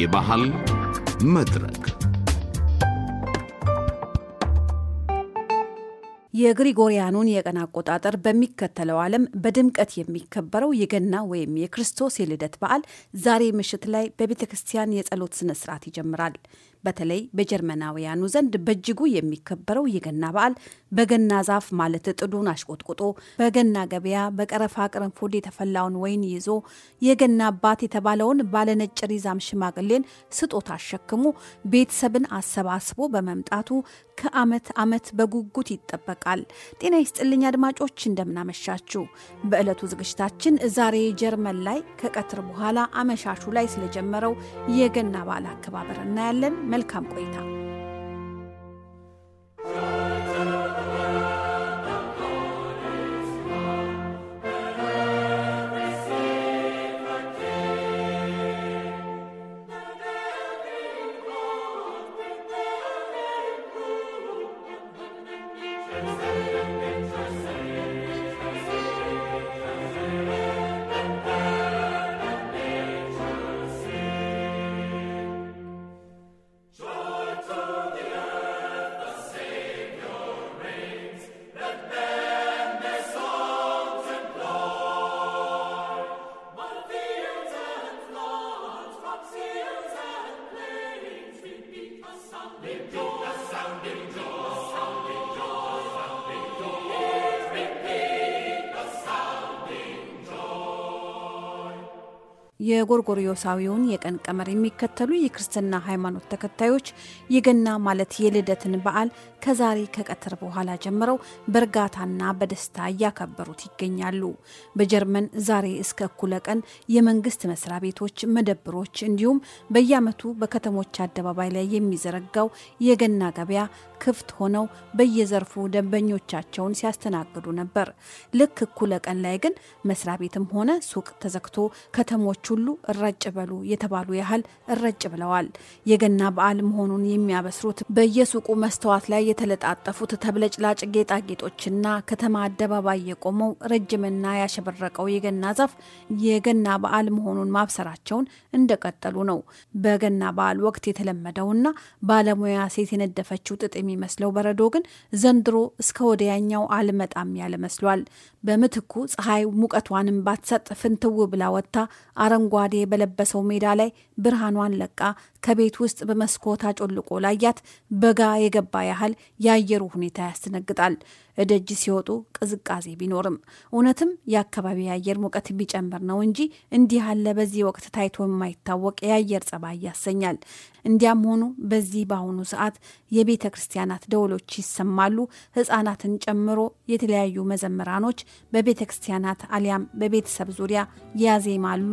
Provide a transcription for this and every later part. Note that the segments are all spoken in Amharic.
የባህል መድረክ የግሪጎሪያኑን የቀን አቆጣጠር በሚከተለው ዓለም በድምቀት የሚከበረው የገና ወይም የክርስቶስ የልደት በዓል ዛሬ ምሽት ላይ በቤተ ክርስቲያን የጸሎት ስነ ስርዓት ይጀምራል። በተለይ በጀርመናውያኑ ዘንድ በእጅጉ የሚከበረው የገና በዓል በገና ዛፍ ማለት ጥዱን አሽቆጥቁጦ በገና ገበያ በቀረፋ ቅርንፉድ የተፈላውን ወይን ይዞ የገና አባት የተባለውን ባለነጭ ሪዛም ሽማግሌን ስጦታ አሸክሙ ቤተሰብን አሰባስቦ በመምጣቱ ከአመት አመት በጉጉት ይጠበቃል። ጤና ይስጥልኝ አድማጮች፣ እንደምናመሻችሁ። በዕለቱ ዝግጅታችን ዛሬ ጀርመን ላይ ከቀትር በኋላ አመሻሹ ላይ ስለጀመረው የገና በዓል አከባበር እናያለን። መልካም ቆይታ የጎርጎሪዮሳዊውን የቀን ቀመር የሚከተሉ የክርስትና ሃይማኖት ተከታዮች የገና ማለት የልደትን በዓል ከዛሬ ከቀትር በኋላ ጀምረው በእርጋታና በደስታ እያከበሩት ይገኛሉ። በጀርመን ዛሬ እስከ እኩለ ቀን የመንግስት መስሪያ ቤቶች፣ መደብሮች እንዲሁም በየዓመቱ በከተሞች አደባባይ ላይ የሚዘረጋው የገና ገበያ ክፍት ሆነው በየዘርፉ ደንበኞቻቸውን ሲያስተናግዱ ነበር። ልክ እኩለ ቀን ላይ ግን መስሪያ ቤትም ሆነ ሱቅ ተዘግቶ ከተሞቹ ሁሉ እረጭ በሉ የተባሉ ያህል እረጭ ብለዋል። የገና በዓል መሆኑን የሚያበስሩት በየሱቁ መስተዋት ላይ የተለጣጠፉት ተብለጭላጭ ጌጣጌጦችና ከተማ አደባባይ የቆመው ረጅምና ያሸበረቀው የገና ዛፍ የገና በዓል መሆኑን ማብሰራቸውን እንደቀጠሉ ነው። በገና በዓል ወቅት የተለመደውና ባለሙያ ሴት የነደፈችው ጥጥ የሚመስለው በረዶ ግን ዘንድሮ እስከ ወዲያኛው አልመጣም ያለ መስሏል። በምትኩ ፀሐይ ሙቀቷንም ባትሰጥ ፍንትው ብላ ወጥታ አረንጓ አረንጓዴ በለበሰው ሜዳ ላይ ብርሃኗን ለቃ ከቤት ውስጥ በመስኮት አጮልቆ ላያት በጋ የገባ ያህል የአየሩ ሁኔታ ያስደነግጣል። እደጅ ሲወጡ ቅዝቃዜ ቢኖርም እውነትም የአካባቢ የአየር ሙቀት ቢጨምር ነው እንጂ እንዲህ ያለ በዚህ ወቅት ታይቶ የማይታወቅ የአየር ጸባይ ያሰኛል። እንዲያም ሆኑ በዚህ በአሁኑ ሰዓት የቤተ ክርስቲያናት ደወሎች ይሰማሉ። ሕጻናትን ጨምሮ የተለያዩ መዘምራኖች በቤተ ክርስቲያናት አሊያም በቤተሰብ ዙሪያ ያዜማሉ፣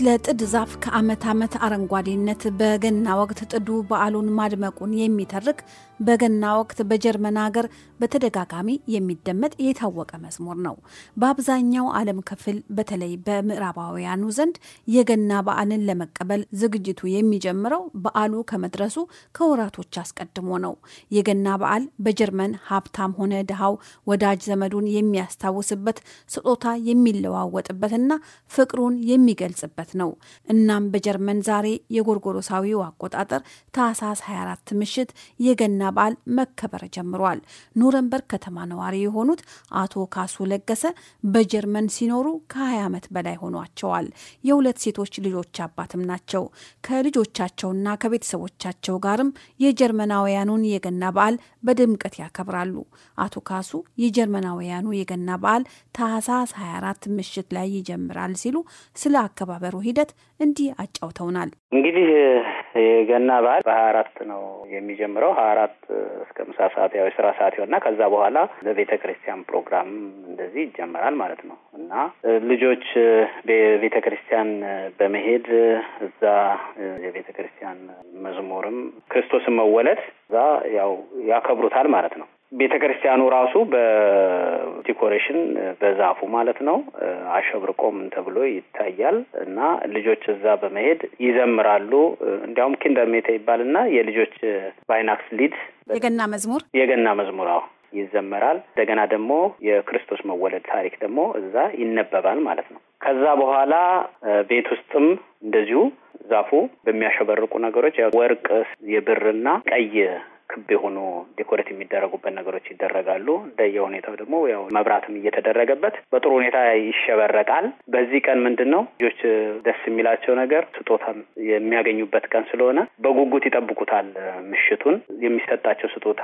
ስለ ጥድ ዛፍ ከዓመት ዓመት አረንጓዴነት በገና ወቅት ጥዱ በዓሉን ማድመቁን የሚተርክ በገና ወቅት በጀርመን ሀገር በተደጋጋሚ የሚደመጥ የታወቀ መዝሙር ነው። በአብዛኛው ዓለም ክፍል በተለይ በምዕራባውያኑ ዘንድ የገና በዓልን ለመቀበል ዝግጅቱ የሚጀምረው በዓሉ ከመድረሱ ከወራቶች አስቀድሞ ነው። የገና በዓል በጀርመን ሀብታም ሆነ ድሃው ወዳጅ ዘመዱን የሚያስታውስበት፣ ስጦታ የሚለዋወጥበትና ፍቅሩን የሚገልጽበት ማለት ነው። እናም በጀርመን ዛሬ የጎርጎሮሳዊው አቆጣጠር ታህሳስ 24 ምሽት የገና በዓል መከበር ጀምሯል። ኑረንበርግ ከተማ ነዋሪ የሆኑት አቶ ካሱ ለገሰ በጀርመን ሲኖሩ ከ20 ዓመት በላይ ሆኗቸዋል። የሁለት ሴቶች ልጆች አባትም ናቸው። ከልጆቻቸውና ከቤተሰቦቻቸው ጋርም የጀርመናውያኑን የገና በዓል በድምቀት ያከብራሉ። አቶ ካሱ የጀርመናውያኑ የገና በዓል ታህሳስ 24 ምሽት ላይ ይጀምራል ሲሉ ስለ አከባበሩ ሂደት እንዲህ አጫውተውናል። እንግዲህ የገና በዓል በሀያ አራት ነው የሚጀምረው። ሀያ አራት እስከ ምሳ ሰዓት ያው የስራ ሰዓት ይሆንና ከዛ በኋላ በቤተ ክርስቲያን ፕሮግራም እንደዚህ ይጀመራል ማለት ነው እና ልጆች ቤተ ክርስቲያን በመሄድ እዛ የቤተ ክርስቲያን መዝሙርም ክርስቶስን መወለድ እዛ ያው ያከብሩታል ማለት ነው። ቤተ ክርስቲያኑ ራሱ በዲኮሬሽን በዛፉ ማለት ነው አሸብርቆም ተብሎ ይታያል እና ልጆች እዛ በመሄድ ይዘምራሉ። እንዲያውም ኪንደሜተ ይባል ይባልና የልጆች ባይናክስ ሊድ የገና መዝሙር የገና መዝሙር አዎ ይዘመራል። እንደገና ደግሞ የክርስቶስ መወለድ ታሪክ ደግሞ እዛ ይነበባል ማለት ነው። ከዛ በኋላ ቤት ውስጥም እንደዚሁ ዛፉ በሚያሸበርቁ ነገሮች ወርቅ፣ የብርና ቀይ ክብ የሆኑ ዲኮሬት የሚደረጉበት ነገሮች ይደረጋሉ። እንደየሁኔታው ደግሞ ያው መብራትም እየተደረገበት በጥሩ ሁኔታ ይሸበረቃል። በዚህ ቀን ምንድን ነው ልጆች ደስ የሚላቸው ነገር ስጦታም የሚያገኙበት ቀን ስለሆነ በጉጉት ይጠብቁታል። ምሽቱን የሚሰጣቸው ስጦታ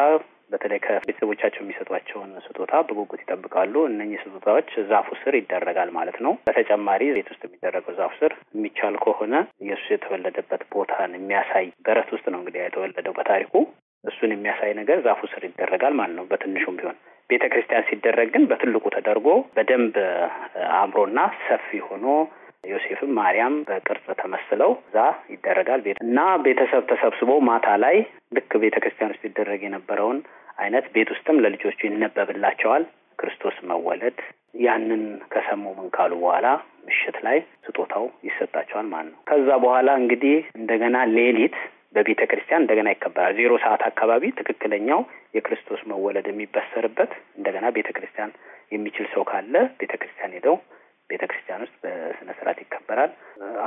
በተለይ ከቤተሰቦቻቸው የሚሰጧቸውን ስጦታ በጉጉት ይጠብቃሉ። እነኚህ ስጦታዎች ዛፉ ስር ይደረጋል ማለት ነው። በተጨማሪ ቤት ውስጥ የሚደረገው ዛፉ ስር የሚቻል ከሆነ ኢየሱስ የተወለደበት ቦታን የሚያሳይ በረት ውስጥ ነው እንግዲህ የተወለደው በታሪኩ እሱን የሚያሳይ ነገር ዛፉ ስር ይደረጋል ማለት ነው። በትንሹም ቢሆን ቤተ ክርስቲያን ሲደረግ ግን በትልቁ ተደርጎ በደንብ አምሮና ሰፊ ሆኖ ዮሴፍም ማርያም በቅርጽ ተመስለው እዛ ይደረጋል እና ቤተሰብ ተሰብስቦ ማታ ላይ ልክ ቤተ ክርስቲያን ውስጥ ይደረግ የነበረውን አይነት ቤት ውስጥም ለልጆቹ ይነበብላቸዋል ክርስቶስ መወለድ። ያንን ከሰሙ ምን ካሉ በኋላ ምሽት ላይ ስጦታው ይሰጣቸዋል ማለት ነው። ከዛ በኋላ እንግዲህ እንደገና ሌሊት በቤተ ክርስቲያን እንደገና ይከበራል። ዜሮ ሰዓት አካባቢ ትክክለኛው የክርስቶስ መወለድ የሚበሰርበት እንደገና ቤተ ክርስቲያን የሚችል ሰው ካለ ቤተ ክርስቲያን ሄደው ቤተ ክርስቲያን ውስጥ በስነ ስርዓት ይከበራል።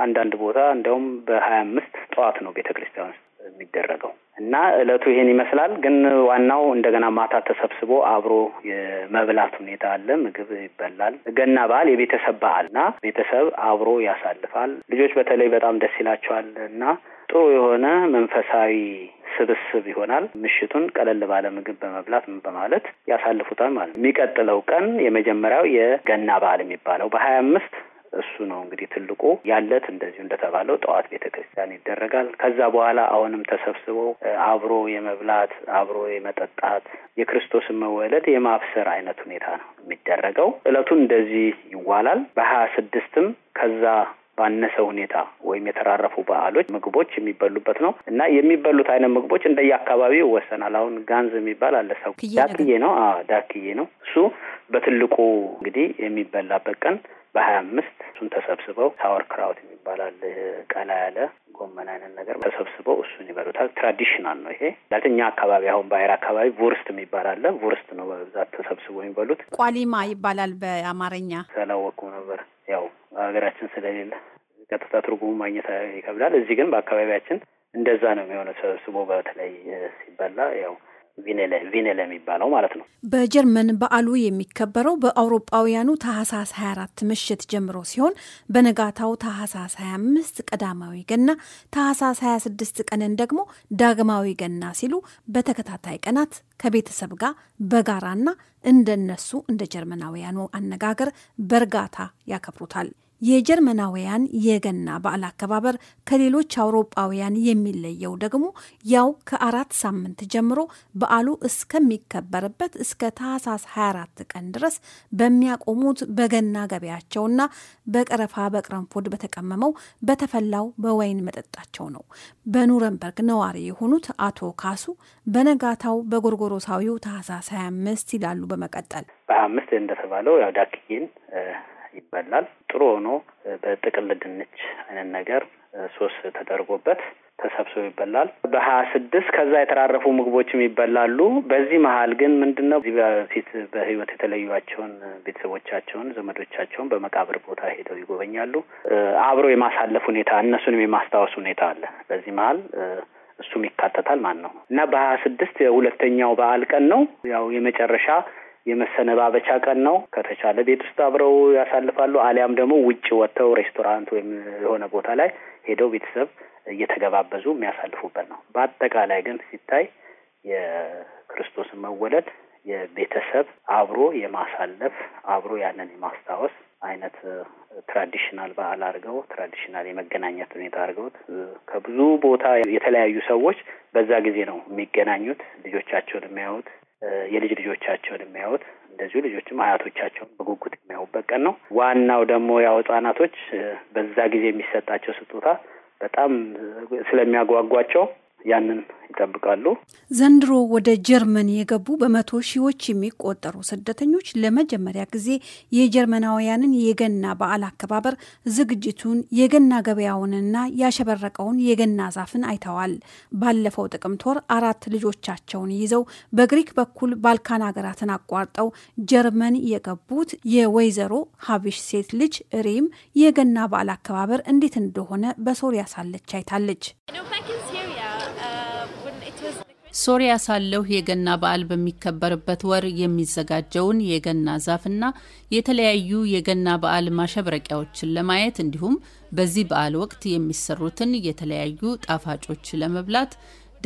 አንዳንድ ቦታ እንዲያውም በሀያ አምስት ጠዋት ነው ቤተ ክርስቲያን ውስጥ የሚደረገው እና እለቱ ይሄን ይመስላል። ግን ዋናው እንደገና ማታ ተሰብስቦ አብሮ የመብላት ሁኔታ አለ። ምግብ ይበላል። ገና በዓል የቤተሰብ በዓል እና ቤተሰብ አብሮ ያሳልፋል። ልጆች በተለይ በጣም ደስ ይላቸዋል እና ጥሩ የሆነ መንፈሳዊ ስብስብ ይሆናል። ምሽቱን ቀለል ባለ ምግብ በመብላት በማለት ያሳልፉታል ማለት ነው። የሚቀጥለው ቀን የመጀመሪያው የገና በዓል የሚባለው በሀያ አምስት እሱ ነው እንግዲህ ትልቁ ያለት እንደዚሁ እንደተባለው ጠዋት ቤተ ክርስቲያን ይደረጋል። ከዛ በኋላ አሁንም ተሰብስበው አብሮ የመብላት አብሮ የመጠጣት የክርስቶስን መወለድ የማብሰር አይነት ሁኔታ ነው የሚደረገው። እለቱን እንደዚህ ይዋላል። በሀያ ስድስትም ከዛ ባነሰ ሁኔታ ወይም የተራረፉ በዓሎች ምግቦች የሚበሉበት ነው እና የሚበሉት አይነት ምግቦች እንደየ አካባቢው ይወሰናል። አሁን ጋንዝ የሚባል አለ። ሰው ዳክዬ ነው። ዳክዬ ነው። እሱ በትልቁ እንግዲህ የሚበላበት ቀን በሀያ አምስት እሱን ተሰብስበው ሳወር ክራውት ይባላል። ቀላ ያለ ጎመን አይነት ነገር ተሰብስበው እሱን ይበሉታል። ትራዲሽናል ነው ይሄ። ላትኛ አካባቢ አሁን በአይራ አካባቢ ቮርስት የሚባል አለ። ቮርስት ነው በብዛት ተሰብስቦ የሚበሉት። ቋሊማ ይባላል በአማርኛ። ስላወቁ ነበር ያው በሀገራችን ስለሌለ ቀጥታ ትርጉሙ ማግኘት ይከብዳል። እዚህ ግን በአካባቢያችን እንደዛ ነው የሚሆነው። ተሰብስቦ በተለይ ሲበላ ያው ቪኔለ የሚባለው ማለት ነው። በጀርመን በዓሉ የሚከበረው በአውሮጳውያኑ ታህሳስ 24 ምሽት ጀምሮ ሲሆን በነጋታው ታህሳስ 25 ቀዳማዊ ገና፣ ታህሳስ 26 ቀንን ደግሞ ዳግማዊ ገና ሲሉ በተከታታይ ቀናት ከቤተሰብ ጋር በጋራና እንደነሱ እንደ ጀርመናውያኑ አነጋገር በእርጋታ ያከብሩታል። የጀርመናውያን የገና በዓል አከባበር ከሌሎች አውሮጳውያን የሚለየው ደግሞ ያው ከአራት ሳምንት ጀምሮ በዓሉ እስከሚከበርበት እስከ ታህሳስ 24 ቀን ድረስ በሚያቆሙት በገና ገበያቸውና በቀረፋ በቅረንፎድ በተቀመመው በተፈላው በወይን መጠጣቸው ነው። በኑረንበርግ ነዋሪ የሆኑት አቶ ካሱ በነጋታው በጎርጎሮሳዊው ታህሳስ 25 ይላሉ። በመቀጠል በአምስት እንደተባለው ያው ዳክዬን ይበላል። ጥሩ ሆኖ በጥቅል ድንች አይነት ነገር ሶስ ተደርጎበት ተሰብስቦ ይበላል። በሀያ ስድስት ከዛ የተራረፉ ምግቦችም ይበላሉ። በዚህ መሀል ግን ምንድን ነው እዚህ በፊት በህይወት የተለዩቸውን ቤተሰቦቻቸውን፣ ዘመዶቻቸውን በመቃብር ቦታ ሄደው ይጎበኛሉ። አብሮ የማሳለፍ ሁኔታ እነሱንም የማስታወስ ሁኔታ አለ። በዚህ መሀል እሱም ይካተታል ማለት ነው እና በሀያ ስድስት የሁለተኛው በዓል ቀን ነው ያው የመጨረሻ የመሰነባበቻ ቀን ነው። ከተቻለ ቤት ውስጥ አብረው ያሳልፋሉ። አሊያም ደግሞ ውጭ ወጥተው ሬስቶራንት ወይም የሆነ ቦታ ላይ ሄደው ቤተሰብ እየተገባበዙ የሚያሳልፉበት ነው። በአጠቃላይ ግን ሲታይ የክርስቶስን መወለድ የቤተሰብ አብሮ የማሳለፍ አብሮ ያንን የማስታወስ አይነት ትራዲሽናል በዓል አድርገው ትራዲሽናል የመገናኘት ሁኔታ አድርገውት ከብዙ ቦታ የተለያዩ ሰዎች በዛ ጊዜ ነው የሚገናኙት፣ ልጆቻቸውን የሚያዩት፣ የልጅ ልጆቻቸውን የሚያዩት እንደዚሁ ልጆችም አያቶቻቸውን በጉጉት የሚያዩበት ቀን ነው። ዋናው ደግሞ ያው ህጻናቶች በዛ ጊዜ የሚሰጣቸው ስጦታ በጣም ስለሚያጓጓቸው ያንን ይጠብቃሉ። ዘንድሮ ወደ ጀርመን የገቡ በመቶ ሺዎች የሚቆጠሩ ስደተኞች ለመጀመሪያ ጊዜ የጀርመናውያንን የገና በዓል አከባበር ዝግጅቱን፣ የገና ገበያውንና ያሸበረቀውን የገና ዛፍን አይተዋል። ባለፈው ጥቅምት ወር አራት ልጆቻቸውን ይዘው በግሪክ በኩል ባልካን ሀገራትን አቋርጠው ጀርመን የገቡት የወይዘሮ ሀቢሽ ሴት ልጅ ሪም የገና በዓል አከባበር እንዴት እንደሆነ በሶሪያ ሳለች አይታለች። ሶሪያ ሳለሁ የገና በዓል በሚከበርበት ወር የሚዘጋጀውን የገና ዛፍና የተለያዩ የገና በዓል ማሸብረቂያዎችን ለማየት እንዲሁም በዚህ በዓል ወቅት የሚሰሩትን የተለያዩ ጣፋጮች ለመብላት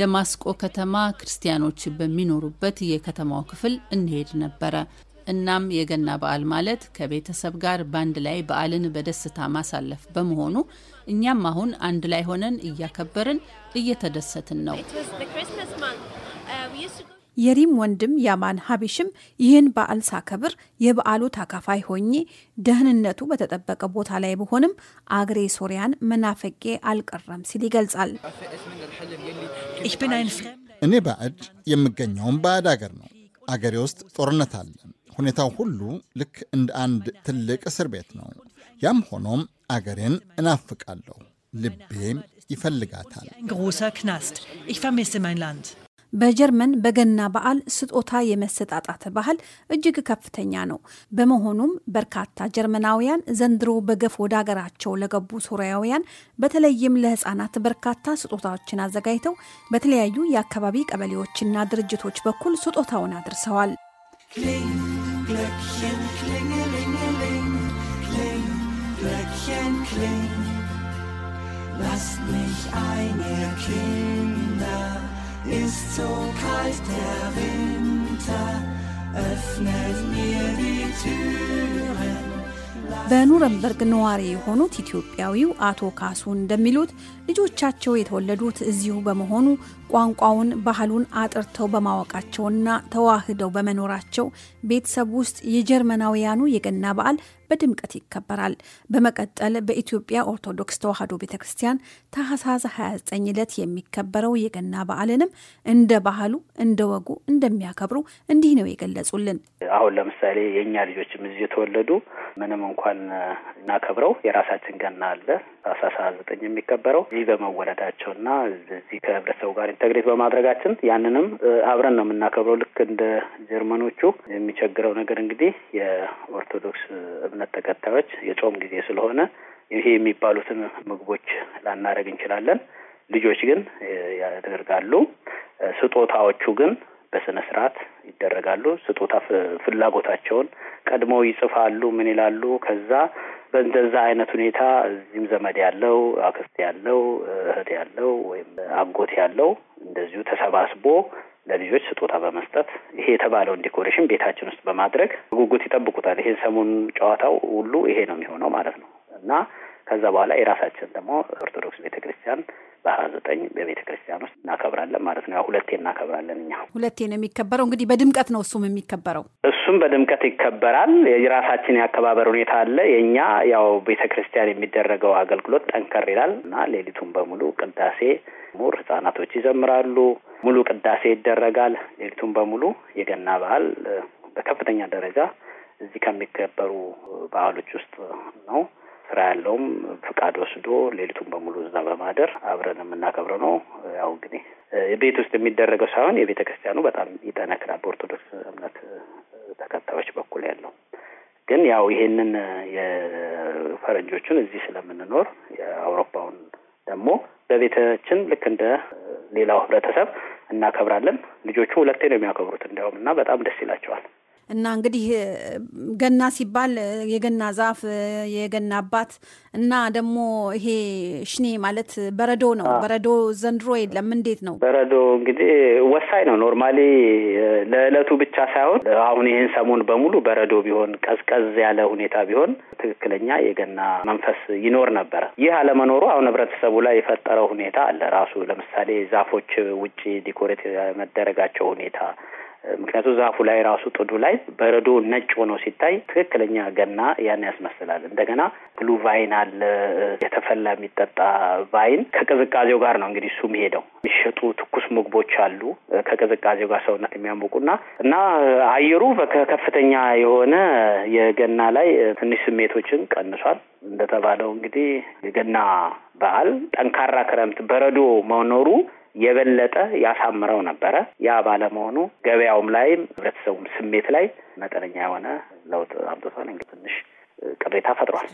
ደማስቆ ከተማ ክርስቲያኖች በሚኖሩበት የከተማው ክፍል እንሄድ ነበረ። እናም የገና በዓል ማለት ከቤተሰብ ጋር በአንድ ላይ በዓልን በደስታ ማሳለፍ በመሆኑ እኛም አሁን አንድ ላይ ሆነን እያከበርን እየተደሰትን ነው። uh, የሪም ወንድም ያማን ሀቢሽም ይህን በዓል ሳከብር የበዓሉ ታካፋይ ሆኜ ደህንነቱ በተጠበቀ ቦታ ላይ ብሆንም አገሬ ሶሪያን መናፈቄ አልቀረም ሲል ይገልጻል። እኔ ባዕድ የምገኘውም ባዕድ አገር ነው። አገሬ ውስጥ ጦርነት አለን ሁኔታው ሁሉ ልክ እንደ አንድ ትልቅ እስር ቤት ነው። ያም ሆኖም አገሬን እናፍቃለሁ፣ ልቤም ይፈልጋታል። በጀርመን በገና በዓል ስጦታ የመሰጣጣት ባህል እጅግ ከፍተኛ ነው። በመሆኑም በርካታ ጀርመናውያን ዘንድሮ በገፍ ወደ ሀገራቸው ለገቡ ሶሪያውያን በተለይም ለህፃናት በርካታ ስጦታዎችን አዘጋጅተው በተለያዩ የአካባቢ ቀበሌዎችና ድርጅቶች በኩል ስጦታውን አድርሰዋል። Glöckchen klingelingeling, kling, Glöckchen kling. Lasst mich ein, ihr Kinder, ist so kalt der Winter, öffnet mir die Türen. በኑረምበርግ ነዋሪ የሆኑት ኢትዮጵያዊው አቶ ካሱ እንደሚሉት ልጆቻቸው የተወለዱት እዚሁ በመሆኑ ቋንቋውን፣ ባህሉን አጥርተው በማወቃቸውና ተዋህደው በመኖራቸው ቤተሰብ ውስጥ የጀርመናውያኑ የገና በዓል በድምቀት ይከበራል። በመቀጠል በኢትዮጵያ ኦርቶዶክስ ተዋህዶ ቤተ ክርስቲያን ታህሳስ 29 ዕለት የሚከበረው የገና በዓልንም እንደ ባህሉ እንደ ወጉ እንደሚያከብሩ እንዲህ ነው የገለጹልን። አሁን ለምሳሌ የእኛ ልጆችም እዚህ የተወለዱ ምንም እንኳን እናከብረው የራሳችን ገና አለ ታህሳስ 29 የሚከበረው እዚህ በመወለዳቸውና እዚህ ከህብረተሰቡ ጋር ኢንተግሬት በማድረጋችን ያንንም አብረን ነው የምናከብረው። ልክ እንደ ጀርመኖቹ የሚቸግረው ነገር እንግዲህ የኦርቶዶክስ እምነት ተከታዮች የጾም ጊዜ ስለሆነ ይሄ የሚባሉትን ምግቦች ላናደርግ እንችላለን። ልጆች ግን ያደርጋሉ። ስጦታዎቹ ግን በስነ ስርዓት ይደረጋሉ። ስጦታ ፍላጎታቸውን ቀድሞ ይጽፋሉ። ምን ይላሉ? ከዛ በእንደዛ አይነት ሁኔታ እዚህም ዘመድ ያለው አክስት ያለው እህት ያለው ወይም አጎት ያለው እንደዚሁ ተሰባስቦ ለልጆች ስጦታ በመስጠት ይሄ የተባለውን ዲኮሬሽን ቤታችን ውስጥ በማድረግ ጉጉት ይጠብቁታል። ይሄን ሰሞኑን ጨዋታው ሁሉ ይሄ ነው የሚሆነው ማለት ነው እና ከዛ በኋላ የራሳችን ደግሞ ኦርቶዶክስ ቤተ ክርስቲያን በሀያ ዘጠኝ በቤተ ክርስቲያን ውስጥ እናከብራለን ማለት ነው። ሁለቴ እናከብራለን እኛ ሁለቴ ነው የሚከበረው። እንግዲህ በድምቀት ነው እሱም የሚከበረው እሱም በድምቀት ይከበራል። የራሳችን የአከባበር ሁኔታ አለ። የእኛ ያው ቤተ ክርስቲያን የሚደረገው አገልግሎት ጠንከር ይላል እና ሌሊቱን በሙሉ ቅዳሴ ምሁር ህጻናቶች ይዘምራሉ። ሙሉ ቅዳሴ ይደረጋል። ሌሊቱን በሙሉ የገና በዓል በከፍተኛ ደረጃ እዚህ ከሚከበሩ በዓሎች ውስጥ ነው። ስራ ያለውም ፍቃድ ወስዶ ሌሊቱን በሙሉ እዛ በማደር አብረን የምናከብረው ነው። ያው እንግዲህ ቤት ውስጥ የሚደረገው ሳይሆን የቤተ ክርስቲያኑ በጣም ይጠነክራል። በኦርቶዶክስ እምነት ተከታዮች በኩል ያለው ግን ያው ይሄንን የፈረንጆቹን እዚህ ስለምንኖር የአውሮፓውን ደግሞ በቤታችን ልክ እንደ ሌላው ህብረተሰብ እናከብራለን። ልጆቹ ሁለቴ ነው የሚያከብሩት እንዲያውም እና በጣም ደስ ይላቸዋል። እና እንግዲህ ገና ሲባል የገና ዛፍ የገና አባት እና ደግሞ ይሄ ሽኔ ማለት በረዶ ነው። በረዶ ዘንድሮ የለም። እንዴት ነው በረዶ? እንግዲህ ወሳኝ ነው። ኖርማሊ ለእለቱ ብቻ ሳይሆን አሁን ይህን ሰሞን በሙሉ በረዶ ቢሆን ቀዝቀዝ ያለ ሁኔታ ቢሆን ትክክለኛ የገና መንፈስ ይኖር ነበረ። ይህ አለመኖሩ አሁን ህብረተሰቡ ላይ የፈጠረው ሁኔታ አለ ራሱ። ለምሳሌ ዛፎች ውጪ ዲኮሬት መደረጋቸው ሁኔታ ምክንያቱ ዛፉ ላይ ራሱ ጥዱ ላይ በረዶ ነጭ ሆኖ ሲታይ ትክክለኛ ገና ያን ያስመስላል። እንደገና ብሉ ቫይን አለ የተፈላ የሚጠጣ ቫይን ከቅዝቃዜው ጋር ነው እንግዲህ እሱ ሄደው የሚሸጡ ትኩስ ምግቦች አሉ ከቅዝቃዜው ጋር ሰውነት የሚያሞቁና እና አየሩ ከፍተኛ የሆነ የገና ላይ ትንሽ ስሜቶችን ቀንሷል። እንደተባለው እንግዲህ የገና በዓል ጠንካራ ክረምት በረዶ መኖሩ የበለጠ ያሳምረው ነበረ። ያ ባለመሆኑ ገበያውም ላይም ህብረተሰቡም ስሜት ላይ መጠነኛ የሆነ ለውጥ አምጥቷል። እንግዲህ ትንሽ ቅሬታ ፈጥሯል።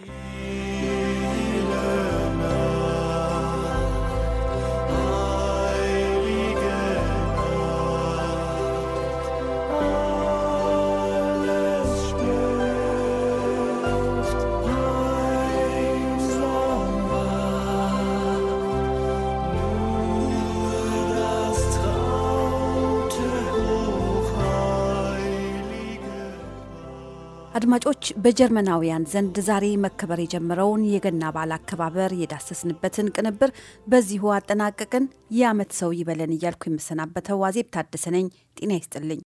አድማጮች በጀርመናውያን ዘንድ ዛሬ መከበር የጀመረውን የገና በዓል አከባበር የዳሰስንበትን ቅንብር በዚሁ አጠናቀቅን። የዓመት ሰው ይበለን እያልኩ የምሰናበተው አዜብ ታደሰ ነኝ። ጤና ይስጥልኝ።